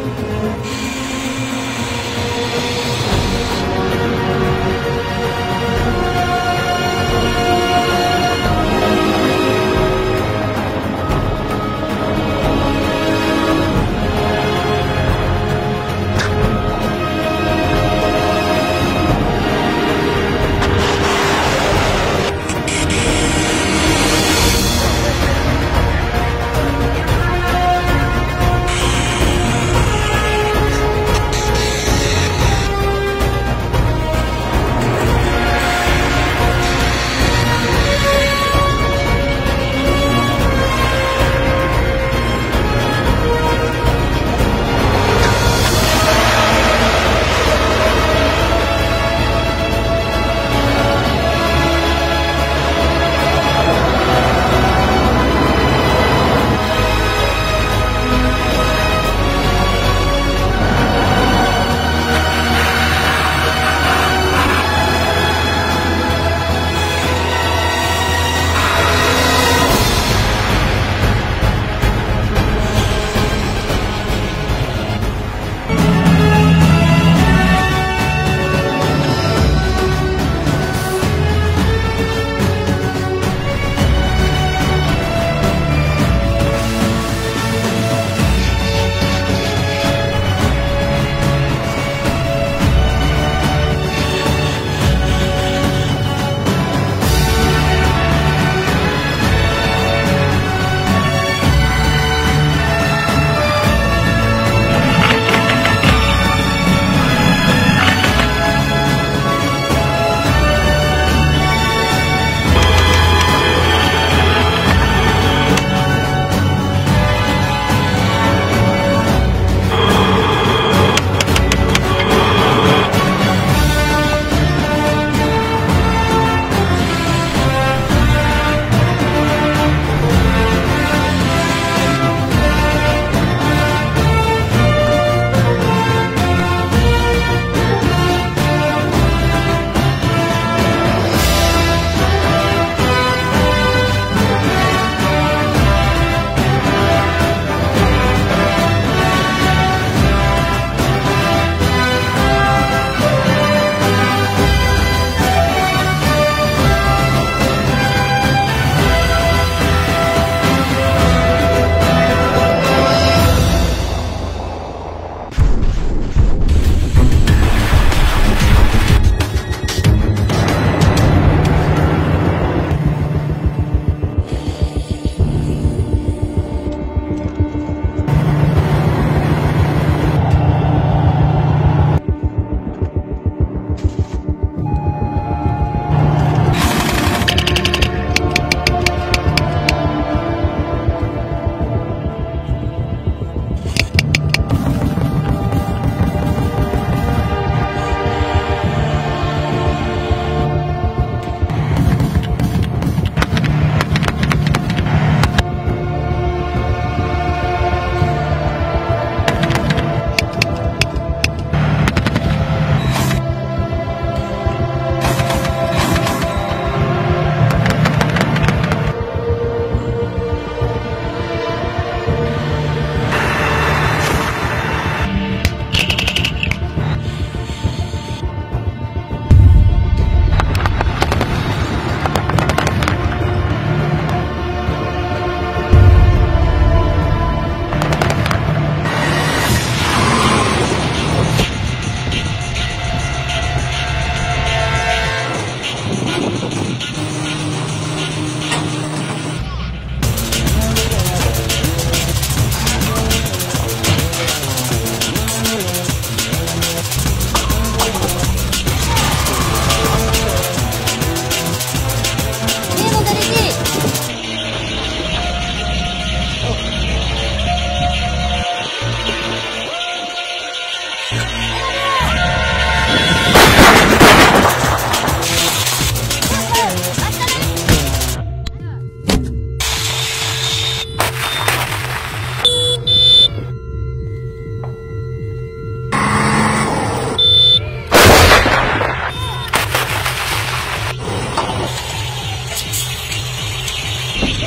えっ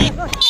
Hey!